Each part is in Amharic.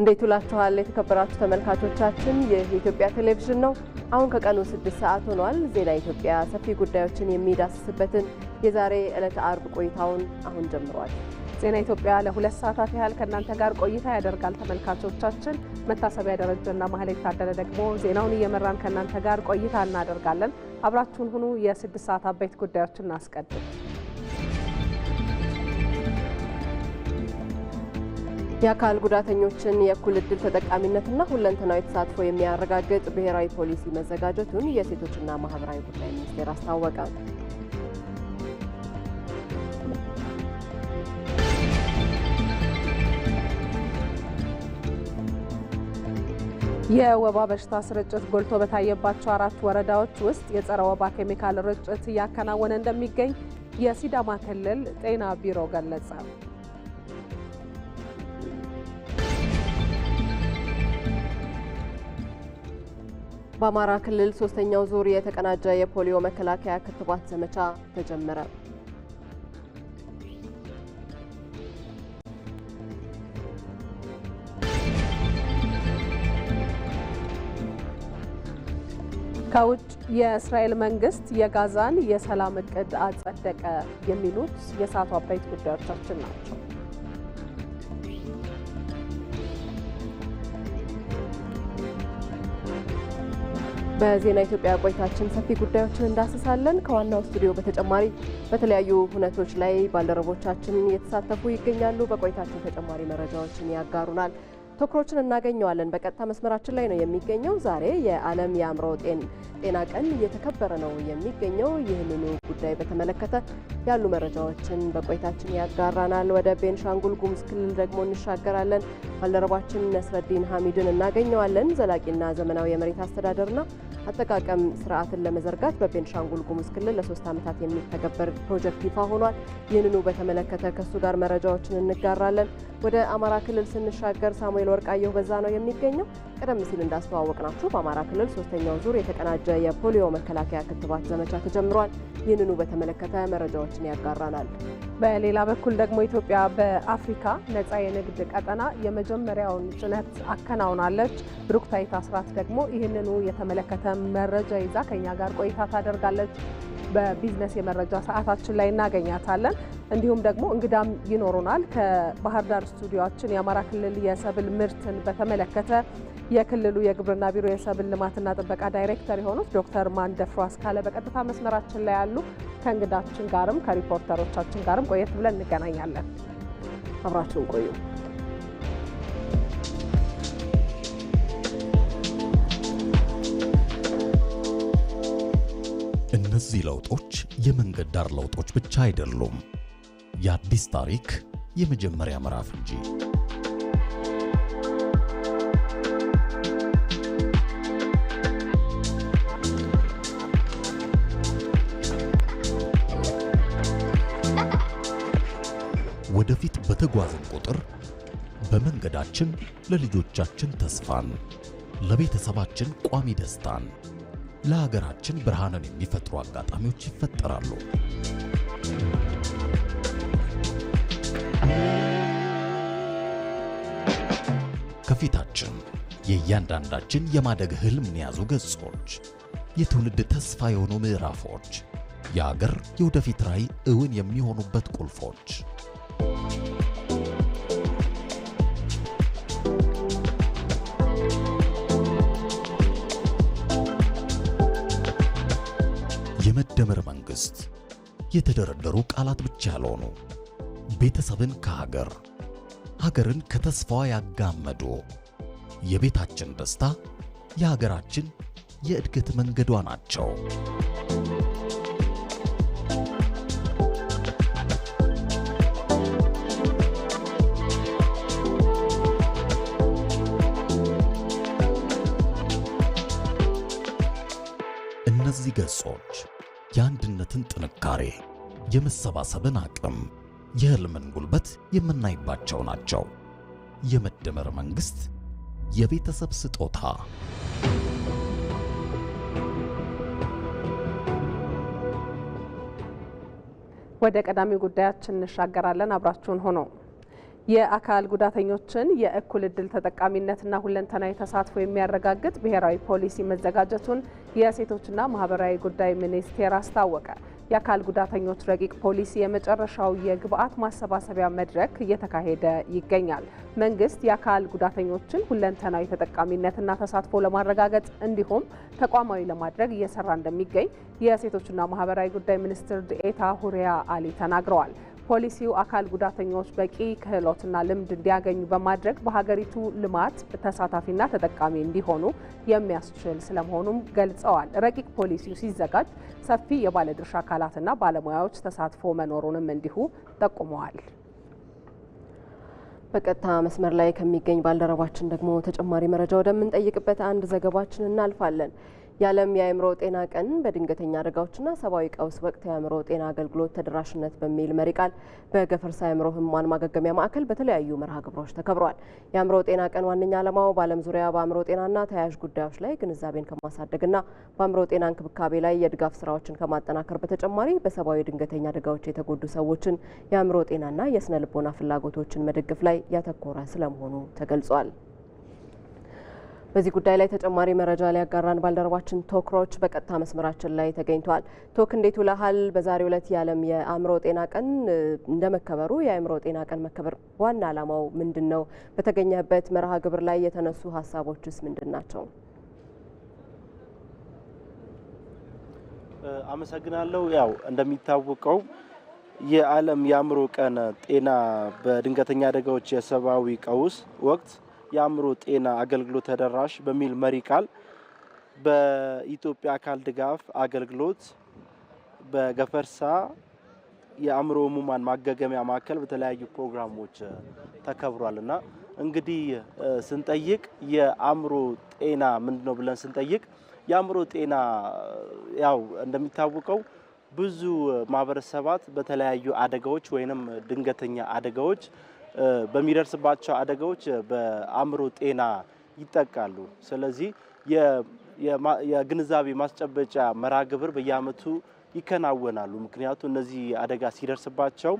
እንዴት ውላችኋል? የተከበራችሁ ተመልካቾቻችን፣ ይህ የኢትዮጵያ ቴሌቪዥን ነው። አሁን ከቀኑ ስድስት ሰዓት ሆኗል። ዜና ኢትዮጵያ ሰፊ ጉዳዮችን የሚዳስስበትን የዛሬ ዕለተ አርብ ቆይታውን አሁን ጀምሯል። ዜና ኢትዮጵያ ለሁለት ሰዓታት ያህል ከእናንተ ጋር ቆይታ ያደርጋል። ተመልካቾቻችን መታሰቢያ ደረጀና ማህሌት የታደለ ደግሞ ዜናውን እየመራን ከእናንተ ጋር ቆይታ እናደርጋለን። አብራችሁን ሁኑ። የስድስት ሰዓት አበይት ጉዳዮችን እናስቀድም። የአካል ጉዳተኞችን የእኩል እድል ተጠቃሚነትና ሁለንተናዊ ተሳትፎ የሚያረጋግጥ ብሔራዊ ፖሊሲ መዘጋጀቱን የሴቶችና ማህበራዊ ጉዳይ ሚኒስቴር አስታወቀ። የወባ በሽታ ስርጭት ጎልቶ በታየባቸው አራት ወረዳዎች ውስጥ የጸረ ወባ ኬሚካል ርጭት እያከናወነ እንደሚገኝ የሲዳማ ክልል ጤና ቢሮ ገለጸ። በአማራ ክልል ሶስተኛው ዙር የተቀናጀ የፖሊዮ መከላከያ ክትባት ዘመቻ ተጀመረ። ከውጭ የእስራኤል መንግስት የጋዛን የሰላም እቅድ አጸደቀ። የሚሉት የሰዓቱ አበይት ጉዳዮቻችን ናቸው። በዜና ኢትዮጵያ ቆይታችን ሰፊ ጉዳዮችን እንዳስሳለን። ከዋናው ስቱዲዮ በተጨማሪ በተለያዩ ሁነቶች ላይ ባልደረቦቻችን እየተሳተፉ ይገኛሉ። በቆይታችን ተጨማሪ መረጃዎችን ያጋሩናል። ትኩሮችን እናገኘዋለን። በቀጥታ መስመራችን ላይ ነው የሚገኘው። ዛሬ የዓለም የአእምሮ ጤና ቀን እየተከበረ ነው የሚገኘው። ይህንኑ ጉዳይ በተመለከተ ያሉ መረጃዎችን በቆይታችን ያጋራናል። ወደ ቤንሻንጉል ጉሙዝ ክልል ደግሞ እንሻገራለን። ባልደረባችን ነስረዲን ሀሚድን እናገኘዋለን። ዘላቂና ዘመናዊ የመሬት አስተዳደርና አጠቃቀም ስርዓትን ለመዘርጋት በቤንሻንጉል ጉሙዝ ክልል ለሶስት ዓመታት የሚተገበር ፕሮጀክት ይፋ ሆኗል። ይህንኑ በተመለከተ ከእሱ ጋር መረጃዎችን እንጋራለን። ወደ አማራ ክልል ስንሻገር ሳሙኤል ወርቃየሁ በዛ ነው የሚገኘው። ቀደም ሲል እንዳስተዋወቅናችሁ በአማራ ክልል ሶስተኛው ዙር የተቀናጀ የፖሊዮ መከላከያ ክትባት ዘመቻ ተጀምሯል። ይህንኑ በተመለከተ መረጃዎችን ያጋራናል። በሌላ በኩል ደግሞ ኢትዮጵያ በአፍሪካ ነጻ የንግድ ቀጠና የመጀመሪያውን ጭነት አከናውናለች። ብሩክታይት አስራት ደግሞ ይህንኑ የተመለከተ መረጃ ይዛ ከኛ ጋር ቆይታ ታደርጋለች። በቢዝነስ የመረጃ ሰዓታችን ላይ እናገኛታለን። እንዲሁም ደግሞ እንግዳም ይኖሩናል። ከባህር ዳር ስቱዲዮችን የአማራ ክልል የሰብል ምርትን በተመለከተ የክልሉ የግብርና ቢሮ የሰብል ልማትና ጥበቃ ዳይሬክተር የሆኑት ዶክተር ማንደፍሮ አስካለ በቀጥታ መስመራችን ላይ ያሉ ከእንግዳችን ጋርም ከሪፖርተሮቻችን ጋርም ቆየት ብለን እንገናኛለን። አብራችሁን ቆዩ። እነዚህ ለውጦች የመንገድ ዳር ለውጦች ብቻ አይደሉም፣ የአዲስ ታሪክ የመጀመሪያ ምዕራፍ እንጂ። ወደፊት በተጓዝን ቁጥር በመንገዳችን ለልጆቻችን ተስፋን፣ ለቤተሰባችን ቋሚ ደስታን ለሀገራችን ብርሃንን የሚፈጥሩ አጋጣሚዎች ይፈጠራሉ። ከፊታችን የእያንዳንዳችን የማደግ ህልም የያዙ ገጾች፣ የትውልድ ተስፋ የሆኑ ምዕራፎች፣ የአገር የወደፊት ራዕይ እውን የሚሆኑበት ቁልፎች የመደመር መንግስት የተደረደሩ ቃላት ብቻ ያልሆኑ ቤተሰብን ከሀገር ሀገርን ከተስፋዋ ያጋመዱ የቤታችን ደስታ የሀገራችን የእድገት መንገዷ ናቸው። እነዚህ ገጾች የአንድነትን ጥንካሬ፣ የመሰባሰብን አቅም፣ የህልምን ጉልበት የምናይባቸው ናቸው። የመደመር መንግስት የቤተሰብ ስጦታ ወደ ቀዳሚ ጉዳያችን እንሻገራለን። አብራችሁን ሆነው የአካል ጉዳተኞችን የእኩል እድል ተጠቃሚነትና ሁለንተናዊ ተሳትፎ የሚያረጋግጥ ብሔራዊ ፖሊሲ መዘጋጀቱን የሴቶችና ማህበራዊ ጉዳይ ሚኒስቴር አስታወቀ። የአካል ጉዳተኞች ረቂቅ ፖሊሲ የመጨረሻው የግብአት ማሰባሰቢያ መድረክ እየተካሄደ ይገኛል። መንግስት የአካል ጉዳተኞችን ሁለንተናዊ ተጠቃሚነትና ተሳትፎ ለማረጋገጥ እንዲሁም ተቋማዊ ለማድረግ እየሰራ እንደሚገኝ የሴቶችና ማህበራዊ ጉዳይ ሚኒስትር ዴኤታ ሁሪያ አሊ ተናግረዋል። ፖሊሲው አካል ጉዳተኞች በቂ ክህሎትና ልምድ እንዲያገኙ በማድረግ በሀገሪቱ ልማት ተሳታፊና ተጠቃሚ እንዲሆኑ የሚያስችል ስለመሆኑም ገልጸዋል። ረቂቅ ፖሊሲው ሲዘጋጅ ሰፊ የባለድርሻ አካላትና ባለሙያዎች ተሳትፎ መኖሩንም እንዲሁ ጠቁመዋል። በቀጥታ መስመር ላይ ከሚገኝ ባልደረባችን ደግሞ ተጨማሪ መረጃ ወደምንጠይቅበት አንድ ዘገባችን እናልፋለን። የዓለም የአእምሮ ጤና ቀን በድንገተኛ አደጋዎችና ሰብአዊ ቀውስ ወቅት የአእምሮ ጤና አገልግሎት ተደራሽነት በሚል መሪ ቃል በገፈርሳ አእምሮ ህሙማን ማገገሚያ ማዕከል በተለያዩ መርሃ ግብሮች ተከብሯል። የአእምሮ ጤና ቀን ዋነኛ ዓላማው በዓለም ዙሪያ በአእምሮ ጤናና ተያያዥ ጉዳዮች ላይ ግንዛቤን ከማሳደግና በአእምሮ ጤና እንክብካቤ ላይ የድጋፍ ስራዎችን ከማጠናከር በተጨማሪ በሰብአዊ ድንገተኛ አደጋዎች የተጎዱ ሰዎችን የአእምሮ ጤናና የስነ ልቦና ፍላጎቶችን መደገፍ ላይ ያተኮረ ስለመሆኑ ተገልጿል። በዚህ ጉዳይ ላይ ተጨማሪ መረጃ ሊያጋራን ባልደረባችን ቶክሮች በቀጥታ መስመራችን ላይ ተገኝቷል። ቶክ እንዴት ውለሃል? በዛሬው ዕለት የዓለም የአእምሮ ጤና ቀን እንደመከበሩ የአእምሮ ጤና ቀን መከበር ዋና ዓላማው ምንድን ነው? በተገኘበት መርሃ ግብር ላይ የተነሱ ሀሳቦችስ ምንድን ናቸው? አመሰግናለሁ። ያው እንደሚታወቀው የዓለም የአእምሮ ቀን ጤና በድንገተኛ አደጋዎች የሰብአዊ ቀውስ ወቅት የአእምሮ ጤና አገልግሎት ተደራሽ በሚል መሪ ቃል በኢትዮጵያ አካል ድጋፍ አገልግሎት በገፈርሳ የአእምሮ ህሙማን ማገገሚያ ማዕከል በተለያዩ ፕሮግራሞች ተከብሯል እና እንግዲህ ስንጠይቅ የአእምሮ ጤና ምንድን ነው ብለን ስንጠይቅ የአእምሮ ጤና ያው እንደሚታወቀው ብዙ ማህበረሰባት በተለያዩ አደጋዎች ወይንም ድንገተኛ አደጋዎች በሚደርስባቸው አደጋዎች በአእምሮ ጤና ይጠቃሉ። ስለዚህ የግንዛቤ ማስጨበጫ መርሃ ግብር ይከናወናሉ። ምክንያቱ እነዚህ አደጋ ሲደርስባቸው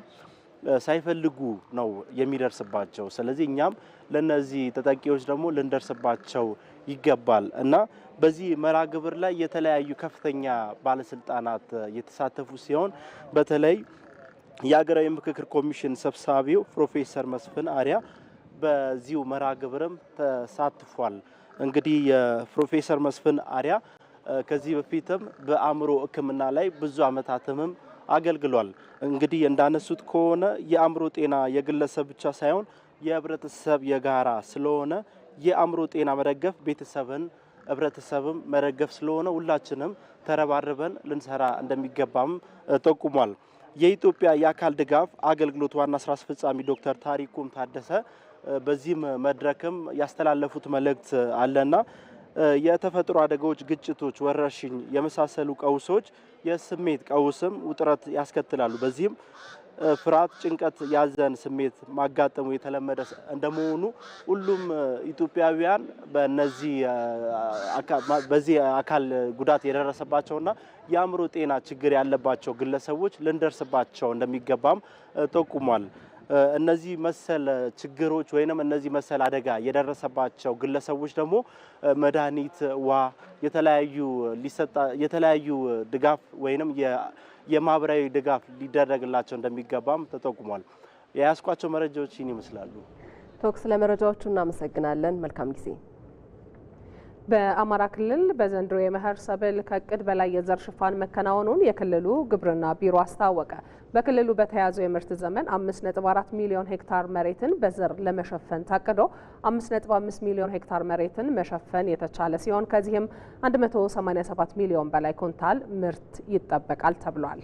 ሳይፈልጉ ነው የሚደርስባቸው። ስለዚህ እኛም ለነዚህ ተጠቂዎች ደግሞ ልንደርስባቸው ይገባል እና በዚህ መርሃ ግብር ላይ የተለያዩ ከፍተኛ ባለስልጣናት የተሳተፉ ሲሆን በተለይ የሀገራዊ ምክክር ኮሚሽን ሰብሳቢው ፕሮፌሰር መስፍን አሪያ በዚሁ መርሃ ግብርም ተሳትፏል። እንግዲህ የፕሮፌሰር መስፍን አሪያ ከዚህ በፊትም በአእምሮ ሕክምና ላይ ብዙ አመታትምም አገልግሏል። እንግዲህ እንዳነሱት ከሆነ የአእምሮ ጤና የግለሰብ ብቻ ሳይሆን የህብረተሰብ የጋራ ስለሆነ የአእምሮ ጤና መደገፍ ቤተሰብን ህብረተሰብም መደገፍ ስለሆነ ሁላችንም ተረባርበን ልንሰራ እንደሚገባም ጠቁሟል። የኢትዮጵያ የአካል ድጋፍ አገልግሎት ዋና ስራ አስፈጻሚ ዶክተር ታሪኩም ታደሰ በዚህም መድረክም ያስተላለፉት መልእክት አለና የተፈጥሮ አደጋዎች፣ ግጭቶች፣ ወረርሽኝ የመሳሰሉ ቀውሶች የስሜት ቀውስም ውጥረት ያስከትላሉ። በዚህም ፍርሃት፣ ጭንቀት ያዘን ስሜት ማጋጠሙ የተለመደ እንደመሆኑ ሁሉም ኢትዮጵያውያን በነዚህ በዚህ አካል ጉዳት የደረሰባቸውና የአእምሮ ጤና ችግር ያለባቸው ግለሰቦች ልንደርስባቸው እንደሚገባም ጠቁሟል። እነዚህ መሰል ችግሮች ወይንም እነዚህ መሰል አደጋ የደረሰባቸው ግለሰቦች ደግሞ መድኃኒት፣ ውሃ፣ የተለያዩ ድጋፍ ወይንም የማህበራዊ ድጋፍ ሊደረግላቸው እንደሚገባም ተጠቁሟል። የያዝኳቸው መረጃዎች ይህን ይመስላሉ። ቶክስ፣ ለመረጃዎቹ እናመሰግናለን። መልካም ጊዜ በአማራ ክልል በዘንድሮ የመኸር ሰብል ከእቅድ በላይ የዘር ሽፋን መከናወኑን የክልሉ ግብርና ቢሮ አስታወቀ። በክልሉ በተያዘው የምርት ዘመን 5.4 ሚሊዮን ሄክታር መሬትን በዘር ለመሸፈን ታቅዶ 5.5 ሚሊዮን ሄክታር መሬትን መሸፈን የተቻለ ሲሆን ከዚህም 187 ሚሊዮን በላይ ኩንታል ምርት ይጠበቃል ተብሏል።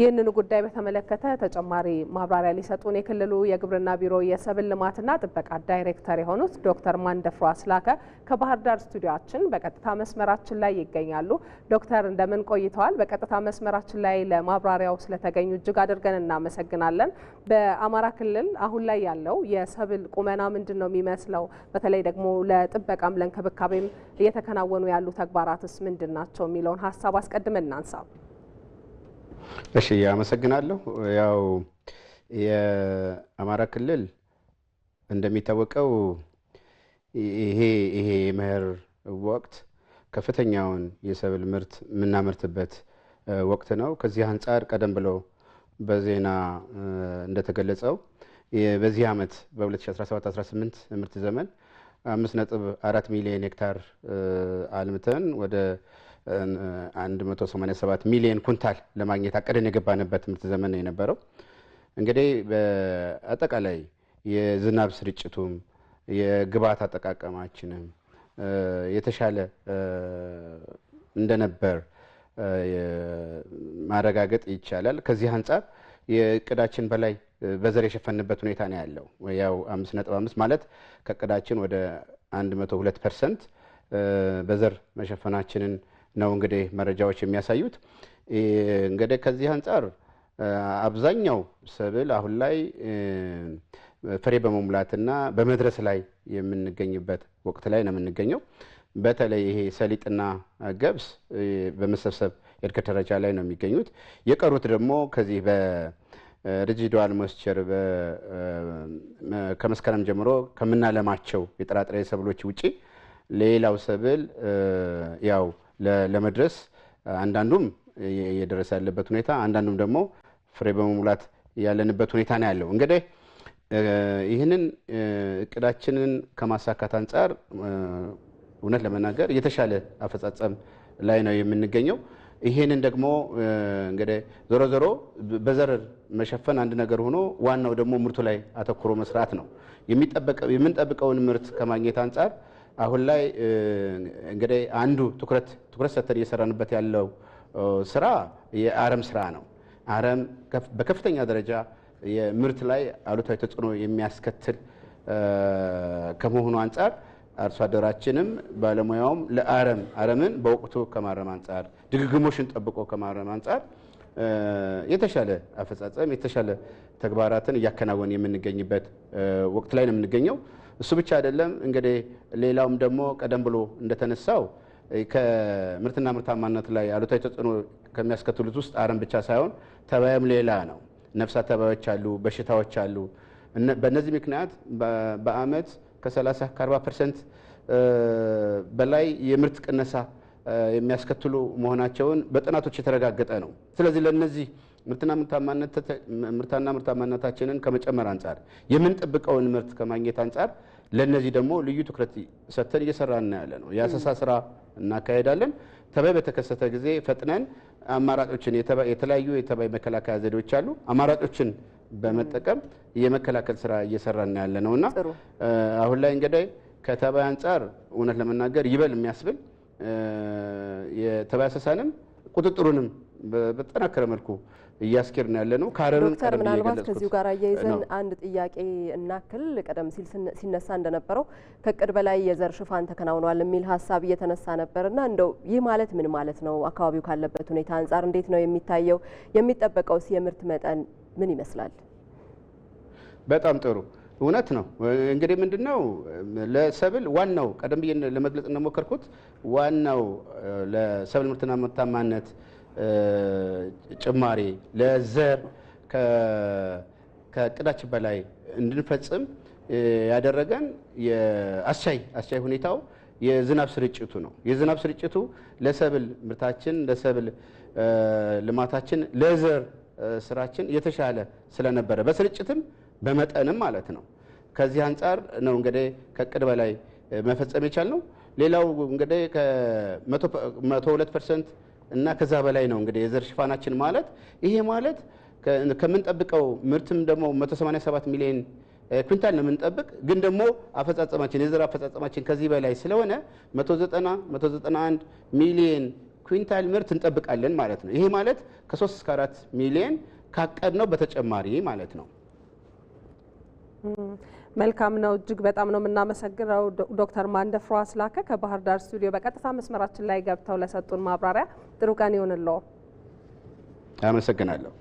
ይህንኑ ጉዳይ በተመለከተ ተጨማሪ ማብራሪያ ሊሰጡን የክልሉ የግብርና ቢሮ የሰብል ልማትና ጥበቃ ዳይሬክተር የሆኑት ዶክተር ማንደፍሮ አስላከ ከባህር ዳር ስቱዲዮችን በቀጥታ መስመራችን ላይ ይገኛሉ። ዶክተር እንደምን ቆይተዋል? በቀጥታ መስመራችን ላይ ለማብራሪያው ስለተገኙ እጅግ አድርገን እናመሰግናለን። በአማራ ክልል አሁን ላይ ያለው የሰብል ቁመና ምንድን ነው የሚመስለው? በተለይ ደግሞ ለጥበቃም ለእንክብካቤም እየተከናወኑ ያሉ ተግባራትስ ምንድን ናቸው የሚለውን ሀሳብ አስቀድመን እናንሳ። እሺ አመሰግናለሁ። ያው የአማራ ክልል እንደሚታወቀው ይሄ ይሄ የመኸር ወቅት ከፍተኛውን የሰብል ምርት የምናመርትበት ወቅት ነው። ከዚህ አንጻር ቀደም ብሎ በዜና እንደተገለጸው በዚህ ዓመት በ2017/18 ምርት ዘመን 5.4 ሚሊዮን ሄክታር አልምተን ወደ 187 ሚሊዮን ኩንታል ለማግኘት አቀደን የገባንበት ምርት ዘመን የነበረው እንግዲህ በአጠቃላይ የዝናብ ስርጭቱም የግብዓት አጠቃቀማችንም የተሻለ እንደነበር ማረጋገጥ ይቻላል። ከዚህ አንጻር የእቅዳችን በላይ በዘር የሸፈንበት ሁኔታ ነው ያለው። ያው 5.5 ማለት ከእቅዳችን ወደ 102 ፐርሰንት በዘር መሸፈናችንን ነው እንግዲህ መረጃዎች የሚያሳዩት። እንግዲህ ከዚህ አንጻር አብዛኛው ሰብል አሁን ላይ ፍሬ በመሙላትና በመድረስ ላይ የምንገኝበት ወቅት ላይ ነው የምንገኘው። በተለይ ይሄ ሰሊጥና ገብስ በመሰብሰብ የእድገት ደረጃ ላይ ነው የሚገኙት። የቀሩት ደግሞ ከዚህ በሪጂዱዋል ሞስቸር ከመስከረም ጀምሮ ከምናለማቸው የጥራጥሬ ሰብሎች ውጪ ሌላው ሰብል ያው ለመድረስ አንዳንዱም እየደረሰ ያለበት ሁኔታ አንዳንዱም ደግሞ ፍሬ በመሙላት ያለንበት ሁኔታ ነው ያለው። እንግዲህ ይህንን እቅዳችንን ከማሳካት አንጻር እውነት ለመናገር የተሻለ አፈጻጸም ላይ ነው የምንገኘው። ይሄንን ደግሞ እንግዲህ ዞሮ ዞሮ በዘረር መሸፈን አንድ ነገር ሆኖ ዋናው ደግሞ ምርቱ ላይ አተኩሮ መስራት ነው። የምንጠብቀውን ምርት ከማግኘት አንጻር አሁን ላይ እንግዲህ አንዱ ትኩረት ትኩረት ሰተን እየሰራንበት ያለው ስራ የአረም ስራ ነው። አረም በከፍተኛ ደረጃ የምርት ላይ አሉታዊ ተጽዕኖ የሚያስከትል ከመሆኑ አንጻር አርሶ አደራችንም ባለሙያውም ለአረም አረምን በወቅቱ ከማረም አንጻር ድግግሞሽን ጠብቆ ከማረም አንጻር የተሻለ አፈጻጸም የተሻለ ተግባራትን እያከናወን የምንገኝበት ወቅት ላይ ነው የምንገኘው። እሱ ብቻ አይደለም እንግዲህ ሌላውም ደግሞ ቀደም ብሎ እንደተነሳው ከምርትና ምርታማነት ላይ አሉታዊ ተጽዕኖ ከሚያስከትሉት ውስጥ አረም ብቻ ሳይሆን ተባያም ሌላ ነው። ነፍሳት ተባዮች አሉ፣ በሽታዎች አሉ። በእነዚህ ምክንያት በአመት ከ30 ከ40 ፐርሰንት በላይ የምርት ቅነሳ የሚያስከትሉ መሆናቸውን በጥናቶች የተረጋገጠ ነው። ስለዚህ ለእነዚህ ምርትና ምርታና ምርታማነታችንን ከመጨመር አንጻር የምንጠብቀውን ምርት ከማግኘት አንጻር ለእነዚህ ደግሞ ልዩ ትኩረት ሰጥተን እየሰራን ያለ ነው። የአሰሳ ስራ እናካሄዳለን። ተባይ በተከሰተ ጊዜ ፈጥነን አማራጮችን የተለያዩ የተባይ መከላከያ ዘዴዎች አሉ። አማራጮችን በመጠቀም የመከላከል ስራ እየሰራን ያለ ነው እና አሁን ላይ እንግዲህ ከተባይ አንጻር እውነት ለመናገር ይበል የሚያስብል የተባይ አሰሳንም ቁጥጥሩንም በጠናከረ መልኩ እያስኬድን ያለ ነው። ካረርን ዶክተር ምናልባት ከዚሁ ጋር አያይዘን አንድ ጥያቄ እናክል። ቀደም ሲል ሲነሳ እንደነበረው ከቅድ በላይ የዘር ሽፋን ተከናውኗል የሚል ሀሳብ እየተነሳ ነበር ነበርና እንደው ይህ ማለት ምን ማለት ነው? አካባቢው ካለበት ሁኔታ አንጻር እንዴት ነው የሚታየው? የሚጠበቀውስ የምርት መጠን ምን ይመስላል? በጣም ጥሩ እውነት ነው። እንግዲህ ነው ለሰብል ዋናው ቀደም ብዬ ለመግለጽ እንደሞከርኩት ዋናው ለሰብል ምርትና ምርታማነት ጭማሬ ለዘር ከቅዳች በላይ እንድንፈጽም ያደረገን አስቻይ አስቻይ ሁኔታው የዝናብ ስርጭቱ ነው። የዝናብ ስርጭቱ ለሰብል ምርታችን፣ ለሰብል ልማታችን፣ ለዘር ስራችን የተሻለ ስለነበረ በስርጭትም በመጠንም ማለት ነው። ከዚህ አንጻር ነው እንግዲህ ከቅድ በላይ መፈጸም ነው። ሌላው እንግዲህ ከመቶ ሁለት ፐርሰንት እና ከዛ በላይ ነው እንግዲህ የዘር ሽፋናችን ማለት ይሄ ማለት ከምንጠብቀው ምርትም ደግሞ 187 ሚሊዮን ኩንታል ነው የምንጠብቅ። ግን ደግሞ አፈጻጸማችን የዘር አፈጻጸማችን ከዚህ በላይ ስለሆነ 190 191 ሚሊዮን ኩንታል ምርት እንጠብቃለን ማለት ነው። ይሄ ማለት ከ3 እስከ 4 ሚሊዮን ካቀድነው በተጨማሪ ማለት ነው። መልካም ነው። እጅግ በጣም ነው የምናመሰግነው ዶክተር ማንደፍሮ አስላከ ከባህር ዳር ስቱዲዮ በቀጥታ መስመራችን ላይ ገብተው ለሰጡን ማብራሪያ። ጥሩ ቀን ይሁንልዎ። አመሰግናለሁ።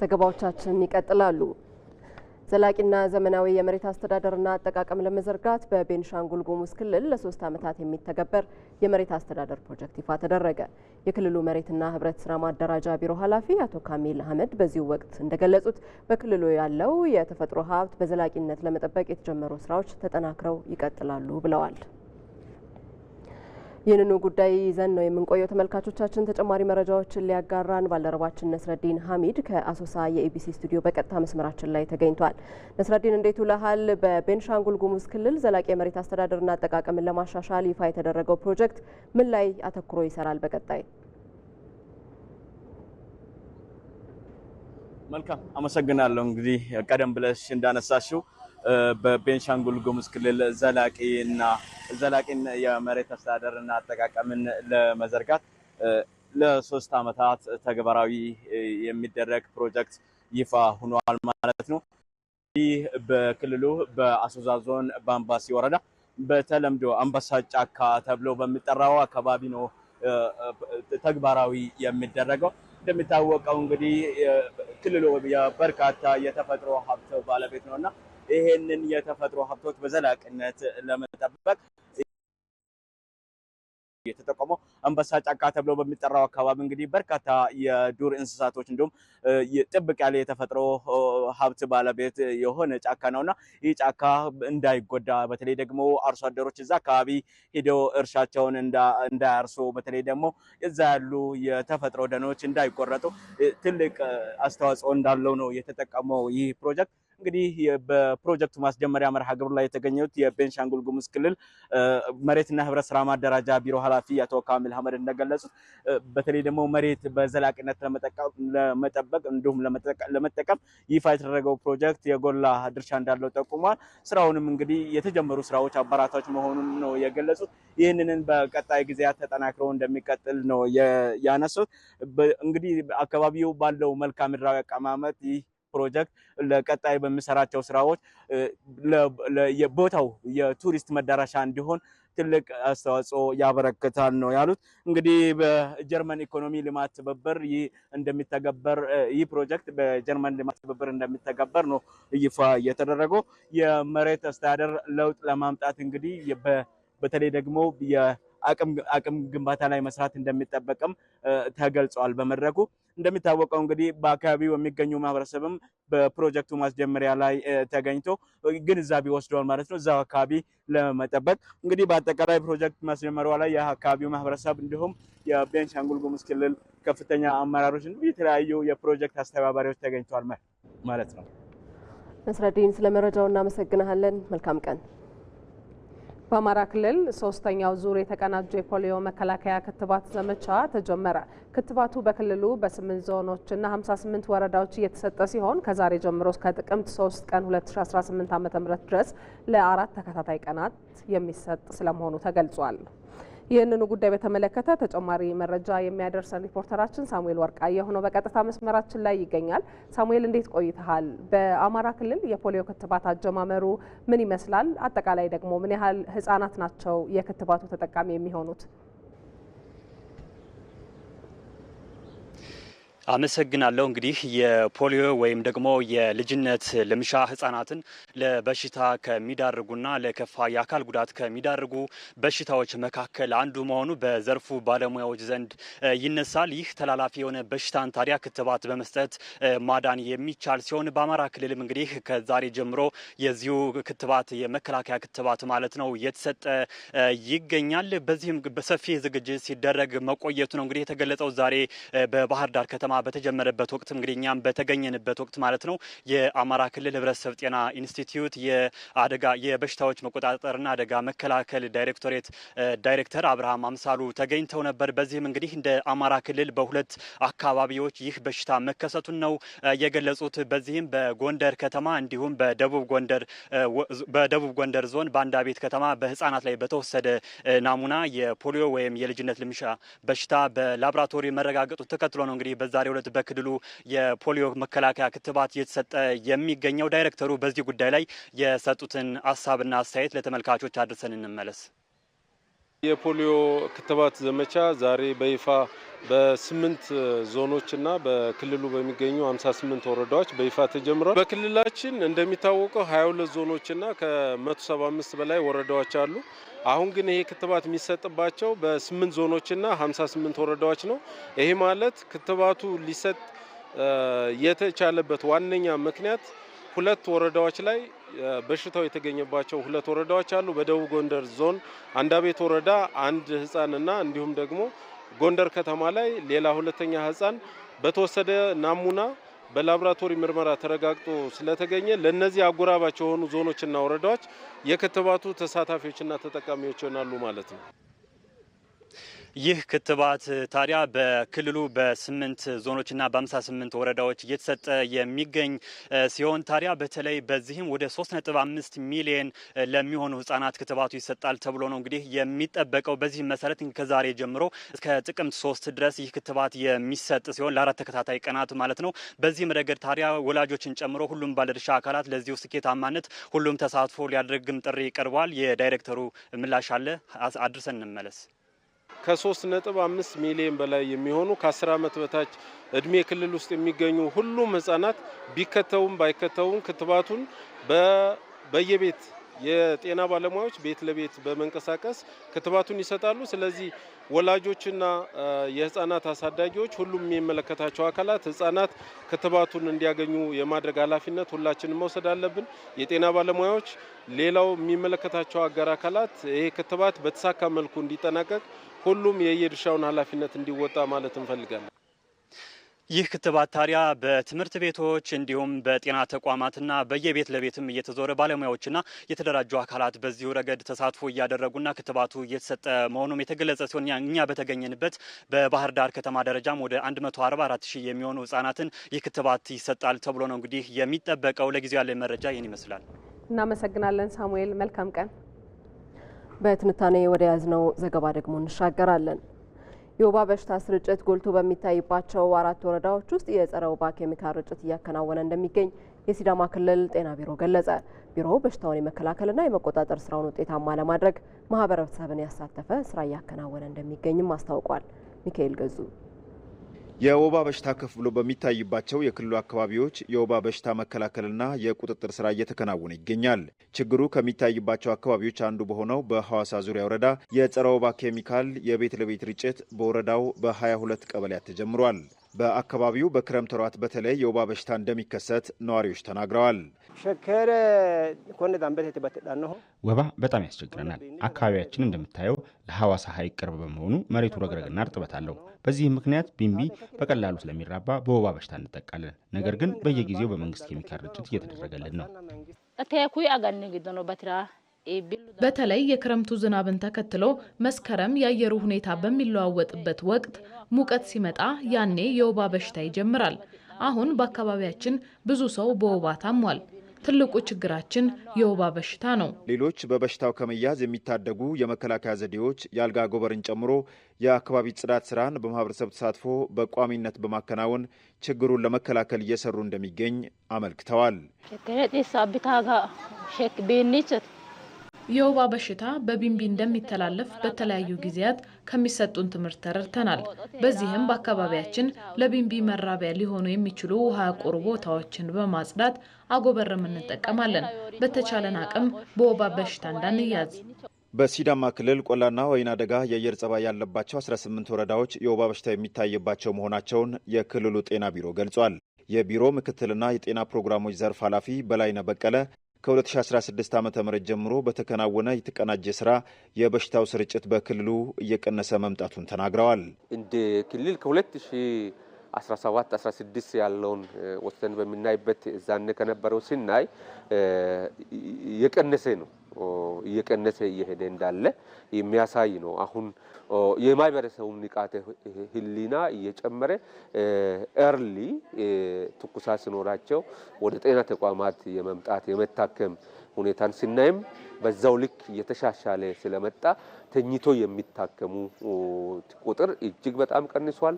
ዘገባዎቻችን ይቀጥላሉ። ዘላቂና ዘመናዊ የመሬት አስተዳደርና አጠቃቀም ለመዘርጋት በቤንሻንጉል ጉሙዝ ክልል ለሶስት ዓመታት የሚተገበር የመሬት አስተዳደር ፕሮጀክት ይፋ ተደረገ። የክልሉ መሬትና ህብረት ስራ ማደራጃ ቢሮ ኃላፊ አቶ ካሚል አህመድ በዚሁ ወቅት እንደገለጹት በክልሉ ያለው የተፈጥሮ ሀብት በዘላቂነት ለመጠበቅ የተጀመሩ ስራዎች ተጠናክረው ይቀጥላሉ ብለዋል። ይህንኑ ጉዳይ ይዘን ነው የምንቆየው። ተመልካቾቻችን ተጨማሪ መረጃዎችን ሊያጋራን ባልደረባችን ነስረዲን ሀሚድ ከአሶሳ የኤቢሲ ስቱዲዮ በቀጥታ መስመራችን ላይ ተገኝቷል። ነስረዲን እንዴት ውለሃል? በቤንሻንጉል ጉሙዝ ክልል ዘላቂ የመሬት አስተዳደርና አጠቃቀምን ለማሻሻል ይፋ የተደረገው ፕሮጀክት ምን ላይ አተኩሮ ይሰራል በቀጣይ? መልካም አመሰግናለሁ። እንግዲህ ቀደም ብለሽ እንዳነሳሽው በቤንሻንጉል ጉሙዝ ክልል ዘላቂና ዘላቂን የመሬት አስተዳደርና አጠቃቀምን ለመዘርጋት ለሶስት ዓመታት ተግባራዊ የሚደረግ ፕሮጀክት ይፋ ሆኗል ማለት ነው። ይህ በክልሉ በአሶሳ ዞን በአምባሲ ወረዳ በተለምዶ አምባሳ ጫካ ተብሎ በሚጠራው አካባቢ ነው ተግባራዊ የሚደረገው። እንደሚታወቀው እንግዲህ ክልሉ በርካታ የተፈጥሮ ሀብት ባለቤት ነው እና ይሄንን የተፈጥሮ ሀብቶች በዘላቂነት ለመጠበቅ የተጠቆመው አንበሳ ጫካ ተብሎ በሚጠራው አካባቢ እንግዲህ በርካታ የዱር እንስሳቶች እንዲሁም ጥብቅ ያለ የተፈጥሮ ሀብት ባለቤት የሆነ ጫካ እና ይህ ጫካ እንዳይጎዳ በተለይ ደግሞ አርሶ አደሮች እዛ አካባቢ ሄደው እርሻቸውን እንዳያርሱ በተለይ ደግሞ እዛ ያሉ የተፈጥሮ ደኖች እንዳይቆረጡ ትልቅ አስተዋጽኦ እንዳለው ነው የተጠቀመው ይህ ፕሮጀክት። እንግዲህ በፕሮጀክቱ ማስጀመሪያ መርሃ ግብር ላይ የተገኘሁት የቤንሻንጉል ጉሙዝ ክልል መሬትና ህብረት ስራ ማደራጃ ቢሮ ኃላፊ አቶ ካሚል አህመድ እንደገለጹት በተለይ ደግሞ መሬት በዘላቂነት ለመጠበቅ እንዲሁም ለመጠቀም ይፋ የተደረገው ፕሮጀክት የጎላ ድርሻ እንዳለው ጠቁሟል። ስራውንም እንግዲህ የተጀመሩ ስራዎች አበራታች መሆኑን ነው የገለጹት። ይህንንን በቀጣይ ጊዜያት ተጠናክሮ እንደሚቀጥል ነው ያነሱት። እንግዲህ አካባቢው ባለው መልክዓ ምድራዊ አቀማመጥ ይህ ፕሮጀክት ለቀጣይ በሚሰራቸው ስራዎች ቦታው የቱሪስት መዳረሻ እንዲሆን ትልቅ አስተዋጽኦ ያበረክታል ነው ያሉት። እንግዲህ በጀርመን ኢኮኖሚ ልማት ትብብር ይህ እንደሚተገበር ይህ ፕሮጀክት በጀርመን ልማት ትብብር እንደሚተገበር ነው ይፋ የተደረገው። የመሬት አስተዳደር ለውጥ ለማምጣት እንግዲህ በተለይ ደግሞ አቅም ግንባታ ላይ መስራት እንደሚጠበቅም ተገልጿል። በመድረኩ እንደሚታወቀው እንግዲህ በአካባቢው የሚገኙ ማህበረሰብም በፕሮጀክቱ ማስጀመሪያ ላይ ተገኝቶ ግንዛቤ ወስደዋል ማለት ነው። እዛው አካባቢ ለመጠበቅ እንግዲህ በአጠቃላይ ፕሮጀክት ማስጀመሪያ ላይ የአካባቢው ማህበረሰብ እንዲሁም የቤንሻንጉል ጉሙዝ ክልል ከፍተኛ አመራሮች እንዲሁም የተለያዩ የፕሮጀክት አስተባባሪዎች ተገኝተዋል ማለት ነው። ነስረዲን ስለ መረጃው እናመሰግናለን። መልካም ቀን በአማራ ክልል ሶስተኛው ዙር የተቀናጀ የፖሊዮ መከላከያ ክትባት ዘመቻ ተጀመረ። ክትባቱ በክልሉ በስምንት ዞኖችና 58 ወረዳዎች እየተሰጠ ሲሆን ከዛሬ ጀምሮ እስከ ጥቅምት 3 ቀን 2018 ዓ.ም ድረስ ለአራት ተከታታይ ቀናት የሚሰጥ ስለመሆኑ ተገልጿል። ይህንኑ ጉዳይ በተመለከተ ተጨማሪ መረጃ የሚያደርሰን ሪፖርተራችን ሳሙኤል ወርቃየ ሆኖ በቀጥታ መስመራችን ላይ ይገኛል። ሳሙኤል እንዴት ቆይተሃል? በአማራ ክልል የፖሊዮ ክትባት አጀማመሩ ምን ይመስላል? አጠቃላይ ደግሞ ምን ያህል ህጻናት ናቸው የክትባቱ ተጠቃሚ የሚሆኑት? አመሰግናለሁ። እንግዲህ የፖሊዮ ወይም ደግሞ የልጅነት ልምሻ ህጻናትን ለበሽታ ከሚዳርጉና ለከፋ የአካል ጉዳት ከሚዳርጉ በሽታዎች መካከል አንዱ መሆኑ በዘርፉ ባለሙያዎች ዘንድ ይነሳል። ይህ ተላላፊ የሆነ በሽታን ታዲያ ክትባት በመስጠት ማዳን የሚቻል ሲሆን በአማራ ክልልም እንግዲህ ከዛሬ ጀምሮ የዚሁ ክትባት የመከላከያ ክትባት ማለት ነው እየተሰጠ ይገኛል። በዚህም በሰፊ ዝግጅት ሲደረግ መቆየቱ ነው እንግዲህ የተገለጸው ዛሬ በባህር ዳር ከተማ በተጀመረበት ወቅት እንግዲህ እኛም በተገኘንበት ወቅት ማለት ነው የአማራ ክልል ህብረተሰብ ጤና ኢንስቲትዩት የአደጋ የበሽታዎች መቆጣጠርና አደጋ መከላከል ዳይሬክቶሬት ዳይሬክተር አብርሃም አምሳሉ ተገኝተው ነበር። በዚህም እንግዲህ እንደ አማራ ክልል በሁለት አካባቢዎች ይህ በሽታ መከሰቱን ነው የገለጹት። በዚህም በጎንደር ከተማ እንዲሁም በደቡብ ጎንደር በደቡብ ጎንደር ዞን በአንዳ ቤት ከተማ በህጻናት ላይ በተወሰደ ናሙና የፖሊዮ ወይም የልጅነት ልምሻ በሽታ በላብራቶሪ መረጋገጡ ተከትሎ ነው እንግዲህ በዛሬ በዛሬው ዕለት በክልሉ የፖሊዮ መከላከያ ክትባት እየተሰጠ የሚገኘው። ዳይሬክተሩ በዚህ ጉዳይ ላይ የሰጡትን ሀሳብና አስተያየት ለተመልካቾች አድርሰን እንመለስ። የፖሊዮ ክትባት ዘመቻ ዛሬ በይፋ በስምንት ዞኖች እና በክልሉ በሚገኙ 58 ወረዳዎች በይፋ ተጀምሯል። በክልላችን እንደሚታወቀው 22 ዞኖችና ከ175 በላይ ወረዳዎች አሉ። አሁን ግን ይሄ ክትባት የሚሰጥባቸው በስምንት ዞኖችና 58 ወረዳዎች ነው። ይሄ ማለት ክትባቱ ሊሰጥ የተቻለበት ዋነኛ ምክንያት ሁለት ወረዳዎች ላይ በሽታው የተገኘባቸው ሁለት ወረዳዎች አሉ። በደቡብ ጎንደር ዞን አንዳቤት ወረዳ አንድ ህፃንና እንዲሁም ደግሞ ጎንደር ከተማ ላይ ሌላ ሁለተኛ ህፃን በተወሰደ ናሙና በላብራቶሪ ምርመራ ተረጋግጦ ስለተገኘ ለእነዚህ አጎራባች የሆኑ ዞኖችና ወረዳዎች የክትባቱ ተሳታፊዎችና ተጠቃሚዎች ይሆናሉ ማለት ነው። ይህ ክትባት ታዲያ በክልሉ በስምንት ዞኖችና በአምሳ ስምንት ወረዳዎች እየተሰጠ የሚገኝ ሲሆን ታዲያ በተለይ በዚህም ወደ ሶስት ነጥብ አምስት ሚሊየን ለሚሆኑ ህጻናት ክትባቱ ይሰጣል ተብሎ ነው እንግዲህ የሚጠበቀው። በዚህ መሰረት ከዛሬ ጀምሮ እስከ ጥቅምት ሶስት ድረስ ይህ ክትባት የሚሰጥ ሲሆን ለአራት ተከታታይ ቀናት ማለት ነው። በዚህም ረገድ ታዲያ ወላጆችን ጨምሮ ሁሉም ባለድርሻ አካላት ለዚሁ ስኬታማነት ሁሉም ተሳትፎ ሊያደርግም ጥሪ ይቀርቧል። የዳይሬክተሩ ምላሽ አለ፣ አድርሰን እንመለስ። ከ3.5 ሚሊዮን በላይ የሚሆኑ ከ10 ዓመት በታች እድሜ ክልል ውስጥ የሚገኙ ሁሉም ህጻናት ቢከተውም ባይከተውም ክትባቱን በየቤት የጤና ባለሙያዎች ቤት ለቤት በመንቀሳቀስ ክትባቱን ይሰጣሉ። ስለዚህ ወላጆችና የህፃናት አሳዳጊዎች፣ ሁሉም የሚመለከታቸው አካላት ህፃናት ክትባቱን እንዲያገኙ የማድረግ ኃላፊነት ሁላችንም መውሰድ አለብን። የጤና ባለሙያዎች፣ ሌላው የሚመለከታቸው አጋር አካላት ይሄ ክትባት በተሳካ መልኩ እንዲጠናቀቅ ሁሉም የየድርሻውን ኃላፊነት እንዲወጣ ማለት እንፈልጋለን። ይህ ክትባት ታዲያ በትምህርት ቤቶች እንዲሁም በጤና ተቋማትና በየቤት ለቤትም እየተዞረ ባለሙያዎችና የተደራጁ አካላት በዚሁ ረገድ ተሳትፎ እያደረጉና ክትባቱ እየተሰጠ መሆኑም የተገለጸ ሲሆን እኛ በተገኘንበት በባህር ዳር ከተማ ደረጃም ወደ 144 ሺህ የሚሆኑ ህጻናትን ይህ ክትባት ይሰጣል ተብሎ ነው እንግዲህ የሚጠበቀው። ለጊዜው ያለ መረጃ ይህን ይመስላል። እናመሰግናለን ሳሙኤል፣ መልካም ቀን። በትንታኔ ወደ ያዝነው ዘገባ ደግሞ እንሻገራለን። የወባ በሽታ ስርጭት ጎልቶ በሚታይባቸው አራት ወረዳዎች ውስጥ የጸረ ወባ ኬሚካል ርጭት እያከናወነ እንደሚገኝ የሲዳማ ክልል ጤና ቢሮ ገለጸ። ቢሮው በሽታውን የመከላከልና የመቆጣጠር ስራውን ውጤታማ ለማድረግ ማህበረሰብን ያሳተፈ ስራ እያከናወነ እንደሚገኝም አስታውቋል። ሚካኤል ገዙ የወባ በሽታ ከፍ ብሎ በሚታይባቸው የክልሉ አካባቢዎች የወባ በሽታ መከላከልና የቁጥጥር ስራ እየተከናወነ ይገኛል። ችግሩ ከሚታይባቸው አካባቢዎች አንዱ በሆነው በሐዋሳ ዙሪያ ወረዳ የጸረ ወባ ኬሚካል የቤት ለቤት ርጭት በወረዳው በ22 ቀበሌያት ተጀምሯል። በአካባቢው በክረምት ወራት በተለይ የወባ በሽታ እንደሚከሰት ነዋሪዎች ተናግረዋል። ወባ በጣም ያስቸግረናል። አካባቢያችን እንደምታየው ለሐዋሳ ሐይቅ ቅርብ በመሆኑ መሬቱ ረግረግና እርጥበት አለው። በዚህም ምክንያት ቢምቢ በቀላሉ ስለሚራባ በወባ በሽታ እንጠቃለን። ነገር ግን በየጊዜው በመንግስት ኬሚካል ርጭት እየተደረገልን ነው። በተለይ የክረምቱ ዝናብን ተከትሎ መስከረም የአየሩ ሁኔታ በሚለዋወጥበት ወቅት ሙቀት ሲመጣ ያኔ የወባ በሽታ ይጀምራል። አሁን በአካባቢያችን ብዙ ሰው በወባ ታሟል። ትልቁ ችግራችን የወባ በሽታ ነው። ሌሎች በበሽታው ከመያዝ የሚታደጉ የመከላከያ ዘዴዎች የአልጋ ጎበርን ጨምሮ የአካባቢ ጽዳት ስራን በማህበረሰብ ተሳትፎ በቋሚነት በማከናወን ችግሩን ለመከላከል እየሰሩ እንደሚገኝ አመልክተዋል። የወባ በሽታ በቢንቢ እንደሚተላለፍ በተለያዩ ጊዜያት ከሚሰጡን ትምህርት ተረድተናል። በዚህም በአካባቢያችን ለቢንቢ መራቢያ ሊሆኑ የሚችሉ ውሃ ያቆሩ ቦታዎችን በማጽዳት አጎበርም እንጠቀማለን። በተቻለን አቅም በወባ በሽታ እንዳንያዝ። በሲዳማ ክልል ቆላና ወይና ደጋ የአየር ጸባይ ያለባቸው 18 ወረዳዎች የወባ በሽታ የሚታይባቸው መሆናቸውን የክልሉ ጤና ቢሮ ገልጿል። የቢሮ ምክትልና የጤና ፕሮግራሞች ዘርፍ ኃላፊ በላይነ በቀለ ከ2016 ዓ ም ጀምሮ በተከናወነ የተቀናጀ ስራ የበሽታው ስርጭት በክልሉ እየቀነሰ መምጣቱን ተናግረዋል። እንደ ክልል ከ2017 16 ያለውን ወስደን በምናይበት እዛነ ከነበረው ሲናይ እየቀነሰ ነው እየቀነሰ እየሄደ እንዳለ የሚያሳይ ነው አሁን የማህበረሰቡም ንቃተ ህሊና እየጨመረ ኤርሊ ትኩሳት ሲኖራቸው ወደ ጤና ተቋማት የመምጣት የመታከም ሁኔታን ስናይም በዛው ልክ እየተሻሻለ ስለመጣ ተኝቶ የሚታከሙ ቁጥር እጅግ በጣም ቀንሷል።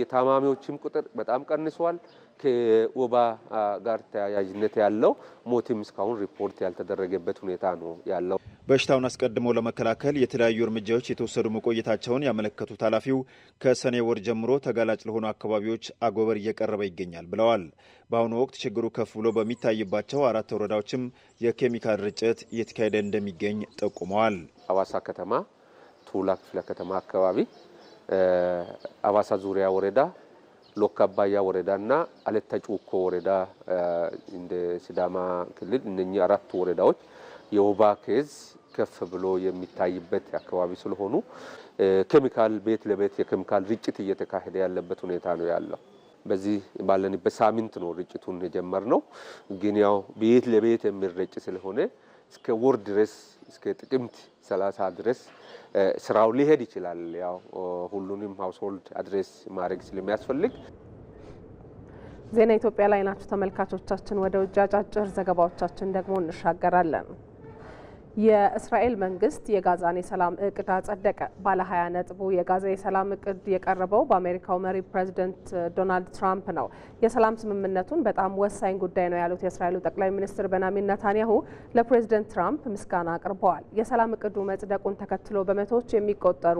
የታማሚዎችም ቁጥር በጣም ቀንሷል። ከወባ ጋር ተያያዥነት ያለው ሞትም እስካሁን ሪፖርት ያልተደረገበት ሁኔታ ነው ያለው። በሽታውን አስቀድሞ ለመከላከል የተለያዩ እርምጃዎች የተወሰዱ መቆየታቸውን ያመለከቱት ኃላፊው ከሰኔ ወር ጀምሮ ተጋላጭ ለሆኑ አካባቢዎች አጎበር እየቀረበ ይገኛል ብለዋል። በአሁኑ ወቅት ችግሩ ከፍ ብሎ በሚታይባቸው አራት ወረዳዎችም የኬሚካል ርጭት እየተካሄደ እንደሚገኝ ጠቁመዋል። አዋሳ ከተማ፣ ቱላ ክፍለ ከተማ አካባቢ፣ አዋሳ ዙሪያ ወረዳ ሎካ አባያ ወረዳና አለታ ጩኮ ወረዳ እንደ ሲዳማ ክልል እነኚህ አራቱ ወረዳዎች የወባ ኬዝ ከፍ ብሎ የሚታይበት አካባቢ ስለሆኑ ኬሚካል ቤት ለቤት የኬሚካል ርጭት እየተካሄደ ያለበት ሁኔታ ነው ያለው። በዚህ ባለንበት ሳምንት ነው ርጭቱን የጀመርነው። ግን ያው ቤት ለቤት የሚረጭ ስለሆነ እስከ ወር ድረስ እስከ ጥቅምት ሰላሳ ድረስ ስራው ሊሄድ ይችላል። ያው ሁሉንም ሀውስሆልድ አድሬስ ማድረግ ስለሚያስፈልግ ዜና ኢትዮጵያ ላይ ናችሁ ተመልካቾቻችን። ወደ ውጭ አጫጭር ዘገባዎቻችን ደግሞ እንሻገራለን። የእስራኤል መንግስት የጋዛን የሰላም እቅድ አጸደቀ። ባለ 20 ነጥቡ የጋዛ የሰላም እቅድ የቀረበው በአሜሪካው መሪ ፕሬዚደንት ዶናልድ ትራምፕ ነው። የሰላም ስምምነቱን በጣም ወሳኝ ጉዳይ ነው ያሉት የእስራኤሉ ጠቅላይ ሚኒስትር በናሚን ነታንያሁ ለፕሬዚደንት ትራምፕ ምስጋና አቅርበዋል። የሰላም እቅዱ መጽደቁን ተከትሎ በመቶዎች የሚቆጠሩ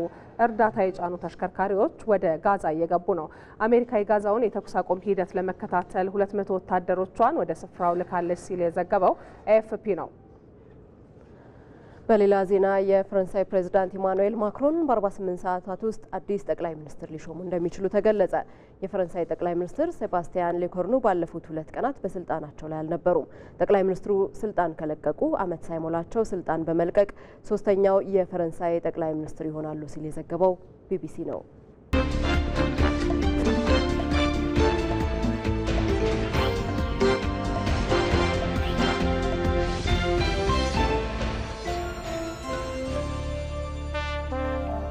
እርዳታ የጫኑ ተሽከርካሪዎች ወደ ጋዛ እየገቡ ነው። አሜሪካ የጋዛውን የተኩስ አቁም ሂደት ለመከታተል 200 ወታደሮቿን ወደ ስፍራው ልካለች ሲል የዘገበው ኤኤፍፒ ነው። በሌላ ዜና የፈረንሳይ ፕሬዝዳንት ኢማኑኤል ማክሮን በ48 ሰዓታት ውስጥ አዲስ ጠቅላይ ሚኒስትር ሊሾሙ እንደሚችሉ ተገለጸ። የፈረንሳይ ጠቅላይ ሚኒስትር ሴባስቲያን ሌኮርኑ ባለፉት ሁለት ቀናት በስልጣናቸው ላይ አልነበሩም። ጠቅላይ ሚኒስትሩ ስልጣን ከለቀቁ ዓመት ሳይሞላቸው ስልጣን በመልቀቅ ሶስተኛው የፈረንሳይ ጠቅላይ ሚኒስትር ይሆናሉ ሲል የዘገበው ቢቢሲ ነው።